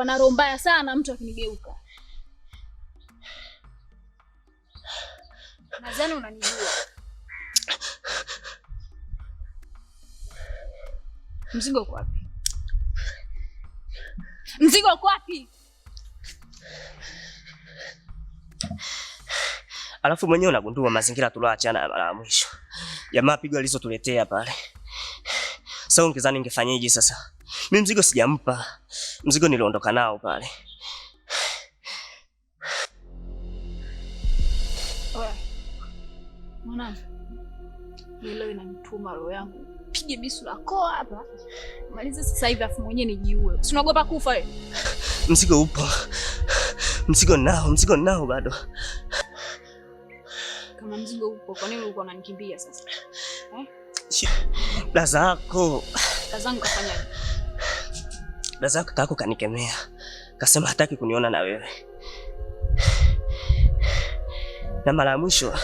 nitakuwa na roho mbaya sana mtu akinigeuka. Nadhani unanijua. Mzigo uko wapi? Mzigo uko wapi? Alafu mwenyewe unagundua mazingira tuloachana mara mwisho, jamaa pigo alizotuletea pale. Sasa ungezani ungefanyaje sasa? mi mzigo sijampa, mzigo niliondoka nao pale. Mwanangu, inanituma roho yangu pige bisu la hapa, malize sasa hivi, afu mwenyewe nijiue. kufa wewe? Mzigo upo, mzigo nao, mzigo nao bado. Kama mzigo upo, kwa nini ulikuwa unanikimbia sasa? Eh? shida zako, kanikemea, kasema hataki kuniona na wewe. Na mara ya mwisho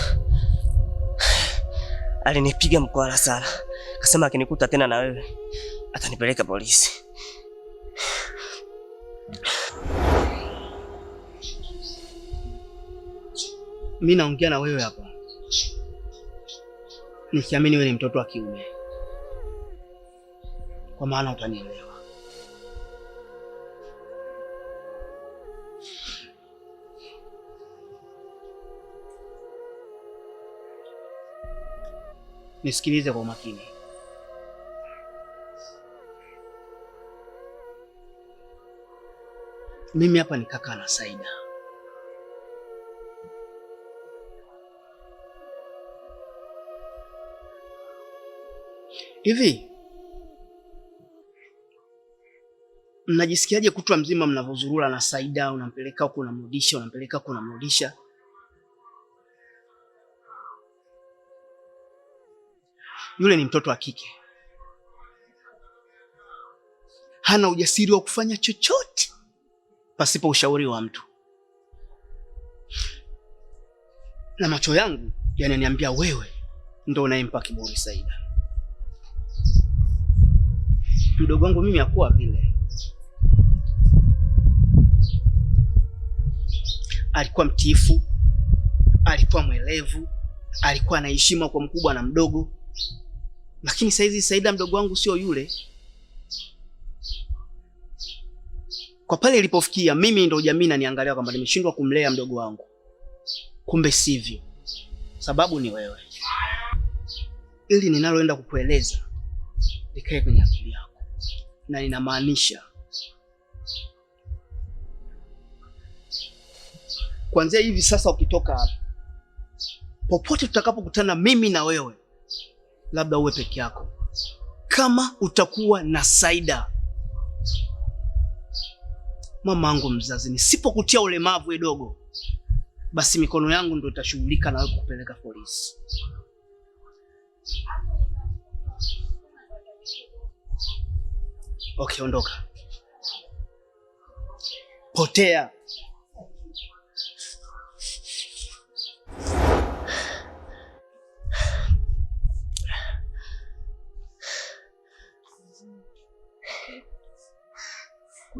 alinipiga mkwala sana, kasema akinikuta tena na wewe atanipeleka polisi. Mimi naongea na wewe hapa nisiamini, wewe ni mtoto wa kiume, kwa maana utanielewa. Nisikilize kwa umakini. Mimi hapa ni kaka na Saida. Hivi mnajisikiaje kutwa mzima mnavyozurura na Saida, unampeleka huko unamrudisha, unampeleka huko unamrudisha? Yule ni mtoto wa kike, hana ujasiri wa kufanya chochote pasipo ushauri wa mtu, na macho yangu yananiambia wewe ndo unayempa kiburi Saida. Mdogo wangu mimi hakuwa vile alikuwa mtiifu, alikuwa mwelevu, alikuwa na heshima kwa mkubwa na mdogo. Lakini saa hizi Saida mdogo wangu sio yule. Kwa pale ilipofikia, mimi ndo jamii naniangalia kwamba nimeshindwa kumlea mdogo wangu, kumbe sivyo, sababu ni wewe. Ili ninaloenda kukueleza likae kwenye akili yako, na ninamaanisha kuanzia hivi sasa, ukitoka hapa, popote tutakapokutana mimi na wewe, labda uwe peke yako, kama utakuwa na Saida mama yangu mzazi, nisipokutia ulemavu edogo, basi mikono yangu ndio itashughulika na wewe kupeleka polisi. Okay, ondoka, potea.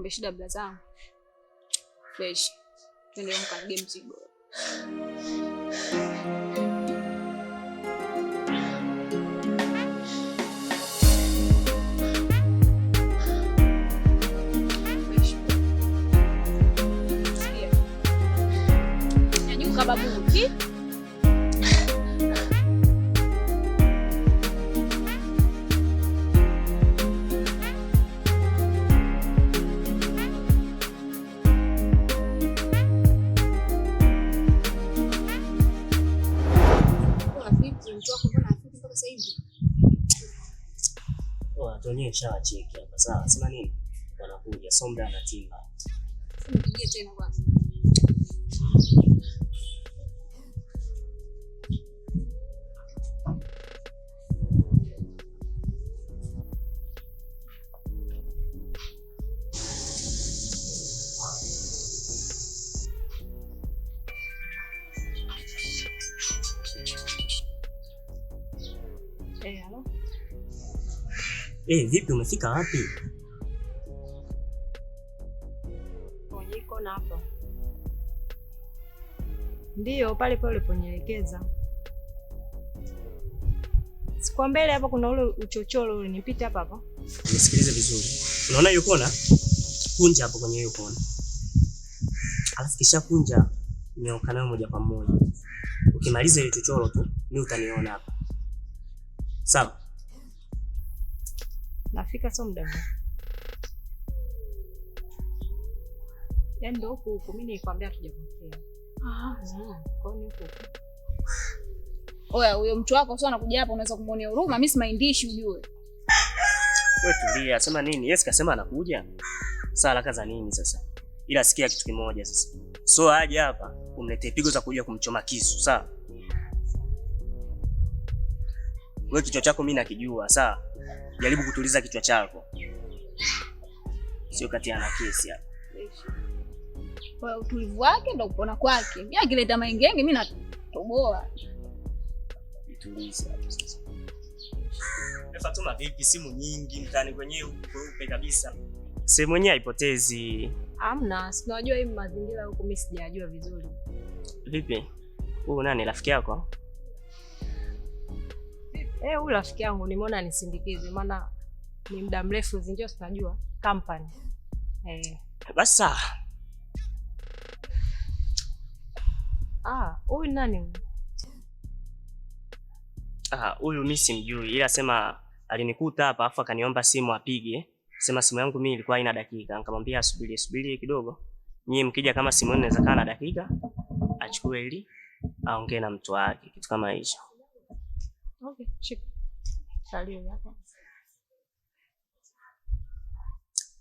niambie shida bla zangu. Fresh. Twende mkanige mzigo. Babu, ki mwenyewe shawacheki hapa. Sawa, sema nini? Wanakuja Somda na Timba. Tena bwana. Eh, vipi umefika wapi? Kona hapo. Ndiyo, pale pale uliponielekeza. Sikwa mbele hapa, kuna ule uchochoro ule, nipite hapa hapa. Nisikilize vizuri. Unaona hiyo kona? Kunja hapo kwenye hiyo kona. Alafu kisha kunja nioka nayo moja kwa moja. Ukimaliza ile chochoro tu, mimi utaniona hapa. Sawa? nafika so muda yaani, ndo huku huku mi nilikwambia tujapotea. Ah, ah, Oya, huyo mtu wako sio anakuja hapa, unaweza kumwonea huruma. Mi si maindishi, ujue we. Tulia, sema nini? Yes, kasema anakuja saa haraka za nini sasa? Ila sikia kitu kimoja sasa, so aje hapa umletee pigo za kuja kumchoma kisu, sawa? Wewe kichwa chako mimi nakijua, sawa? jaribu kutuliza kichwa chako, sio kati ana kesi hapa. Kwa utulivu wake ndio kupona kwake. Mimi akileta maengenge mimi natoboa. Tuliza hapo sasa. Fatuma, vipi simu nyingi mtani kwenye kweupe kabisa? Simu mwenyewe haipotezi. Hamna, sinajua hii mazingira huko mimi sijajua vizuri. Vipi? Huyu nani rafiki yako? Eh, huyu rafiki yangu nimeona nisindikize, maana ni muda mrefu zinjio tunajua company. Eh. Basa Ah, huyu nani? Ah, huyu mimi simjui, ila sema alinikuta hapa afu akaniomba simu apige. Sema simu yangu mimi ilikuwa haina dakika, nikamwambia asubiri subiri kidogo, nyie mkija kama simu inaweza kaa na dakika achukue ili aongee na mtu wake, kitu kama hicho. Okay, chip. Salio yako.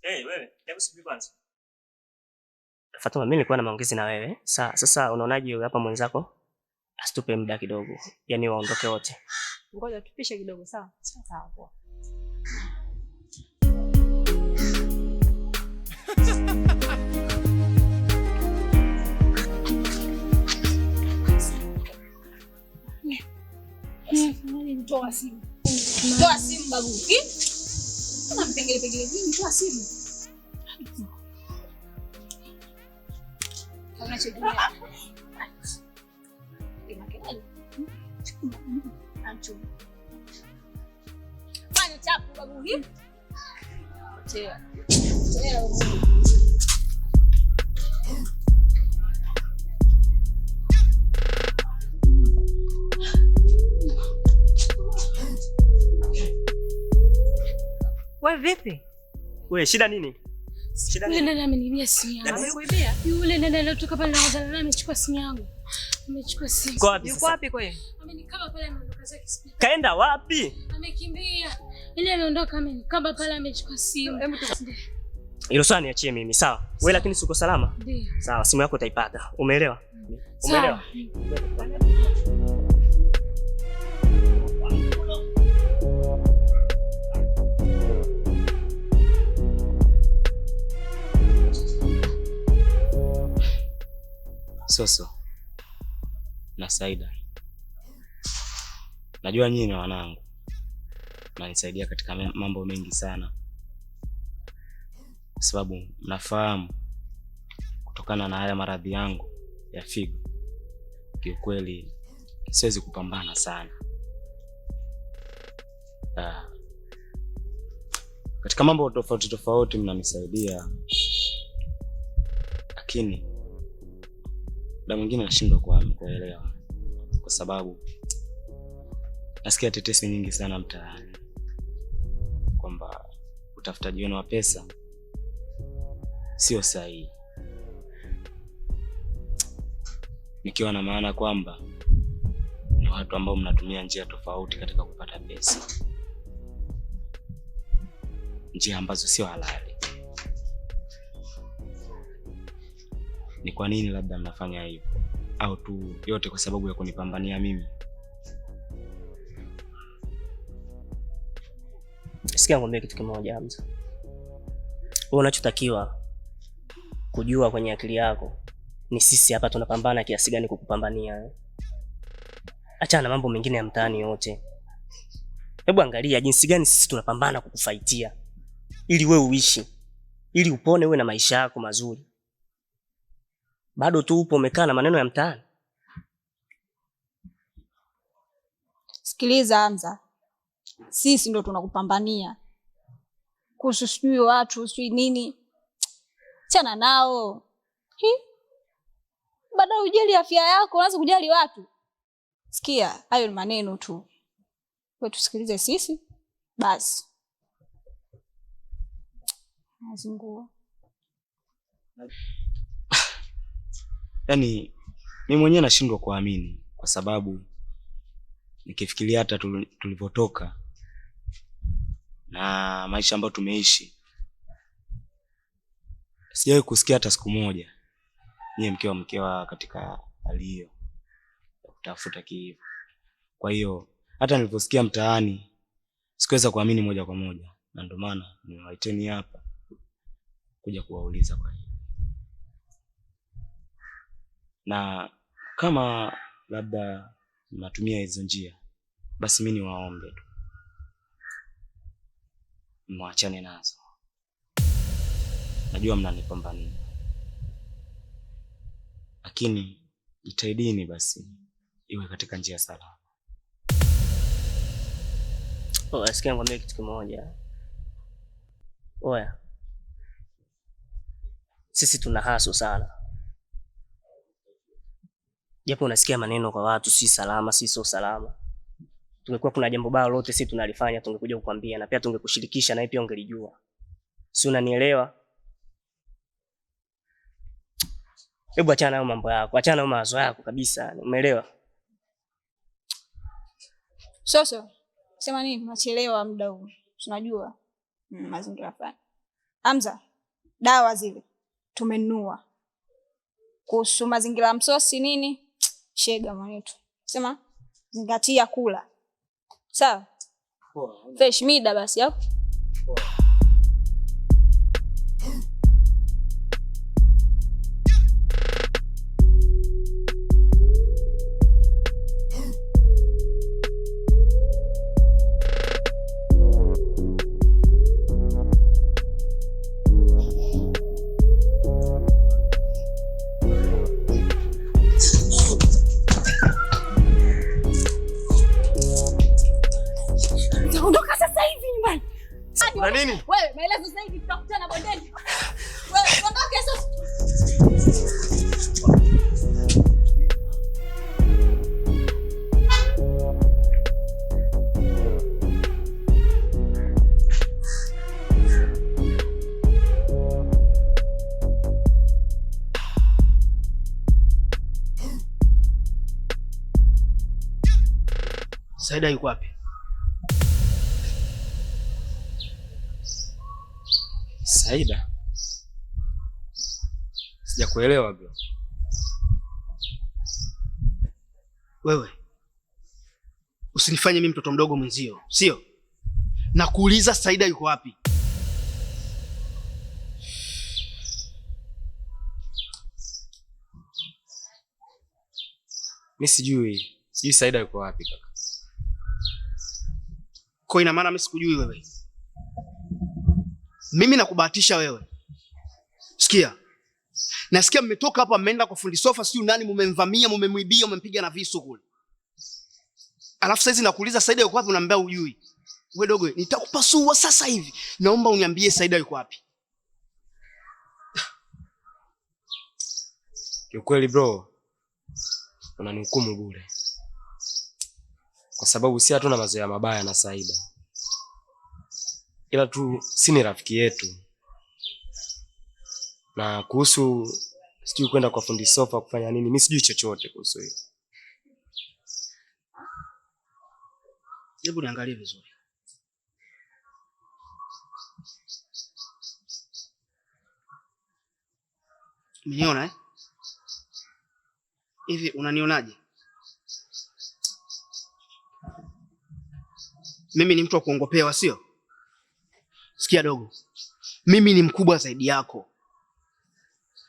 Hey, wewe, hebu subiri kwanza. Fatuma, mimi nilikuwa na maongezi na wewe. Sa, sasa unaonaje wewe hapa mwenzako? Asitupe muda kidogo. Yaani waondoke wote. Ngoja tupishe kidogo, sawa? Sawa. Mm, toa simu, babu. Kuna mpengele pengele vingi, toa simu. Fanya chapu babu. Wewe vipi? Wewe shida nini? Shida nini? Yule nani ameniibia simu yangu? Amekuibia? Yule nani aliyotoka pale na kuzana amechukua simu yangu. Amechukua simu. Yuko wapi? Yuko wapi kwa yeye? Amenikaba pale ameondoka zake spika. Kaenda wapi? Amekimbia. Ile ameondoka amenikaba pale amechukua simu. Hebu tusinde. Hilo swala niachie mimi, sawa? Wewe lakini siko salama? Ndio. Sawa, simu yako utaipata. Umeelewa? Mm. Umeelewa? Mm. Soso na Saida, najua nyinyi ni wanangu, mnanisaidia katika mambo mengi sana, kwa sababu mnafahamu kutokana na haya maradhi yangu ya figo, kiukweli siwezi kupambana sana uh, katika mambo tofauti tofauti mnanisaidia, lakini muda mwingine nashindwa kuelewa kwa sababu nasikia tetesi nyingi sana mtaani kwamba utafutaji wenu wa pesa sio sahihi, nikiwa na maana kwamba ni watu ambao mnatumia njia tofauti katika kupata pesa, njia ambazo sio halali. ni kwa nini labda mnafanya hivyo, au tu yote kwa sababu ya kunipambania mimi? Sikia, ngwambia kitu kimoja Hamza, wewe unachotakiwa kujua kwenye akili yako ni sisi hapa tunapambana kiasi gani kukupambania. Achana na mambo mengine ya mtaani yote, hebu angalia jinsi gani sisi tunapambana kukufaitia ili wewe uishi, ili upone, uwe na maisha yako mazuri bado tu upo umekaa na maneno ya mtaani. Sikiliza Hamza, sisi ndo tunakupambania kuhusu sijui watu sijui nini, chana nao. Baadaye ujali afya yako, unaanza kujali watu. Sikia, hayo ni maneno tu, we tusikilize sisi basi. Nazingua yani mimi mwenyewe nashindwa kuamini kwa sababu nikifikiria hata tulivyotoka na maisha ambayo tumeishi, sijawahi kusikia hata siku moja nyie mkiwa mkiwa katika hali hiyo ya kutafuta kiivo. Kwa hiyo hata nilivyosikia mtaani sikuweza kuamini moja kwa moja, na ndio maana nimewaiteni hapa kuja kuwauliza kwa hiyo na kama labda mnatumia hizo njia, basi mimi niwaombe tu mwachane nazo. Najua mnanipambania, lakini jitahidini basi iwe katika njia salama. Asikia, oh, nikwambia kitu kimoja. Oya, sisi tuna haso sana japo unasikia maneno kwa watu, si salama, si so salama. Tungekuwa kuna jambo baya lolote sisi tunalifanya, tungekuja kukwambia na pia tungekushirikisha, na pia ungelijua, si unanielewa? Hebu achana nayo mambo yako, achana nayo mawazo yako kabisa, umeelewa? Soso, sema nini? Nachelewa muda huu, tunajua mm, mazingira fulani. Amza, dawa zile tumenua kuhusu mazingira msosi nini Shega mwanetu, sema zingatia kula, sawa? Fresh mida basi hapo. Na nini? Wewe maelezo sasa hivi tutakutana bondeni. Wewe ondoke sasa. Saida yuko wapi? Saida, sijakuelewa bro. Wewe usinifanye mimi mtoto mdogo mwenzio, sio? Nakuuliza, Saida yuko wapi? Mi sijui, sijui Saida yuko wapi kaka. Kwa ina maana mi sikujui wewe? Mimi nakubahatisha wewe. Sikia, nasikia mmetoka hapa, mmeenda kwa fundi sofa, sijui nani, mumemvamia, mumemwibia, mumempiga na visu kule, alafu saizi nakuuliza Saida yuko wapi? Unaambia ujui. We dogo, nitakupasua sasa hivi. Naomba uniambie Saida yuko wapi? Kiukweli bro, unanihukumu bure, kwa sababu si hatuna mazoea mabaya na Saida ila tu si ni rafiki yetu. Na kuhusu sijui kwenda kwa fundi sofa kufanya nini, mi sijui chochote kuhusu hiyo. Hebu niangalie vizuri. niona eh? Hivi unanionaje? Mimi ni mtu wa kuongopewa, sio? Sikia dogo, mimi ni mkubwa zaidi yako,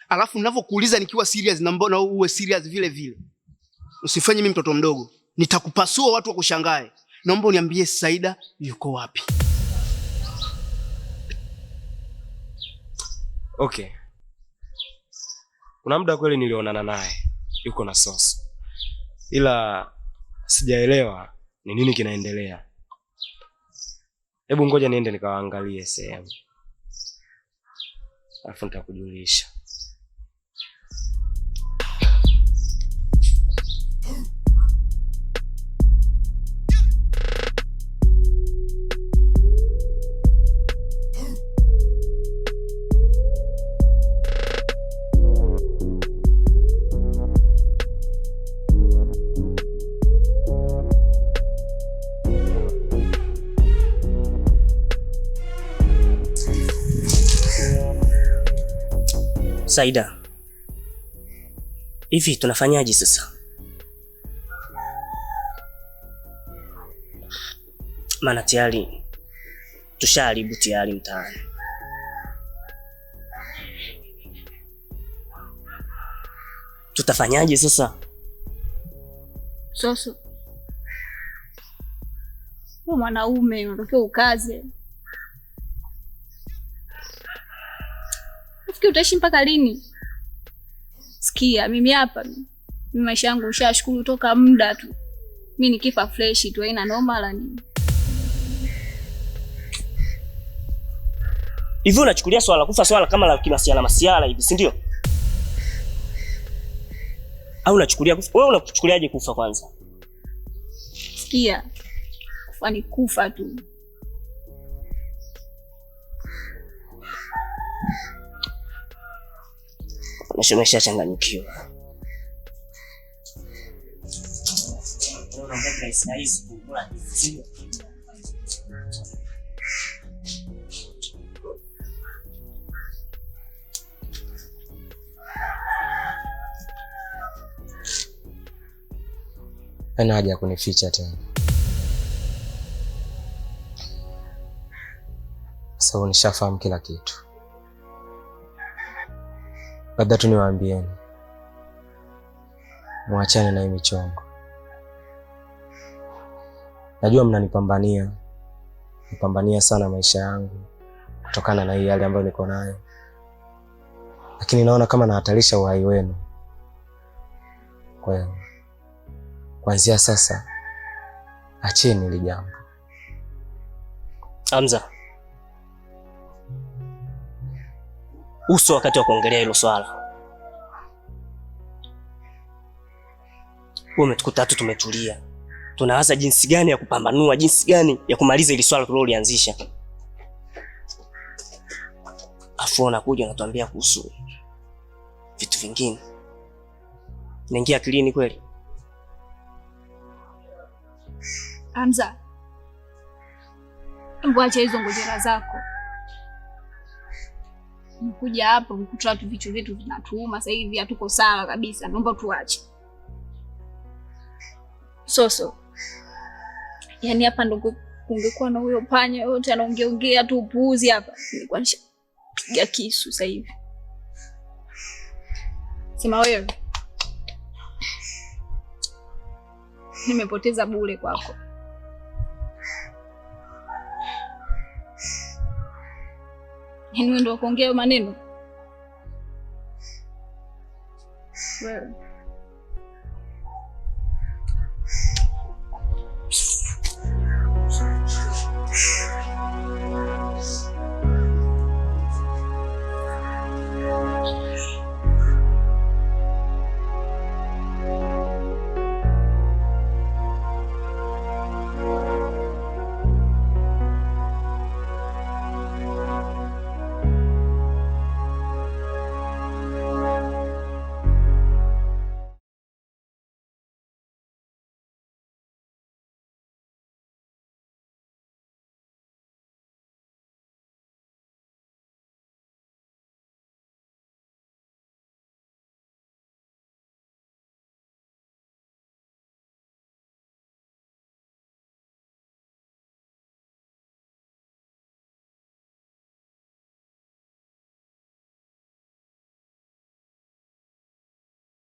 alafu ninavyokuuliza nikiwa serious na mbona uwe serious vile vile. Usifanye mimi mtoto mdogo, nitakupasua watu wakushangae. Naomba uniambie Saida yuko wapi? Okay, kuna muda kweli nilionana naye yuko na soso, ila sijaelewa ni nini kinaendelea. Hebu ngoja niende nikawaangalie sehemu, alafu nitakujulisha. Saida, hivi tunafanyaje sasa? Maana tayari tushaharibu tayari mtaani. Tutafanyaje sasa? Sasa mwanaume unatakiwa ukaze unafikiri utaishi mpaka lini? Sikia mimi hapa, mimi maisha yangu ushashukuru toka muda tu, mi nikifa fresh tu, haina noma la nini. Hivi unachukulia swala kufa swala kama la kimasiala masiala hivi, si ndio? Au unachukulia kufa wewe, unachukuliaje kufa kwanza? Sikia, kufa ni kufa tu changanyikiwa. ana haja ya kunificha tena, Sasa nishafahamu kila kitu labda tu niwaambieni mwachane na hii michongo. Najua mnanipambania, nipambania sana maisha yangu kutokana na hii hali ambayo niko nayo, lakini naona kama nahatarisha uhai wenu. Kwa hiyo kuanzia sasa acheni hili jambo. Hamza. uso wakati wa kuongelea hilo swala. Umetukuta tu tumetulia, tunawaza jinsi gani ya kupambanua, jinsi gani ya kumaliza hili swala tulilolianzisha. Afu nakuja unatuambia kuhusu vitu vingine, naingia akilini kweli? Hamza, mwache hizo ngojera zako. Mkuja hapa mkuta watu vichwa vyetu vinatuuma sasa hivi, hatuko sawa kabisa, naomba tuache soso. Yaani hapa ndo kungekuwa na huyo panya yote anaongeongea tu upuuzi hapa, nilikuwa nishapiga kisu sasa hivi. Sema wewe, nimepoteza bure kwako. Yaani wewe ndio kuongea maneno wewe.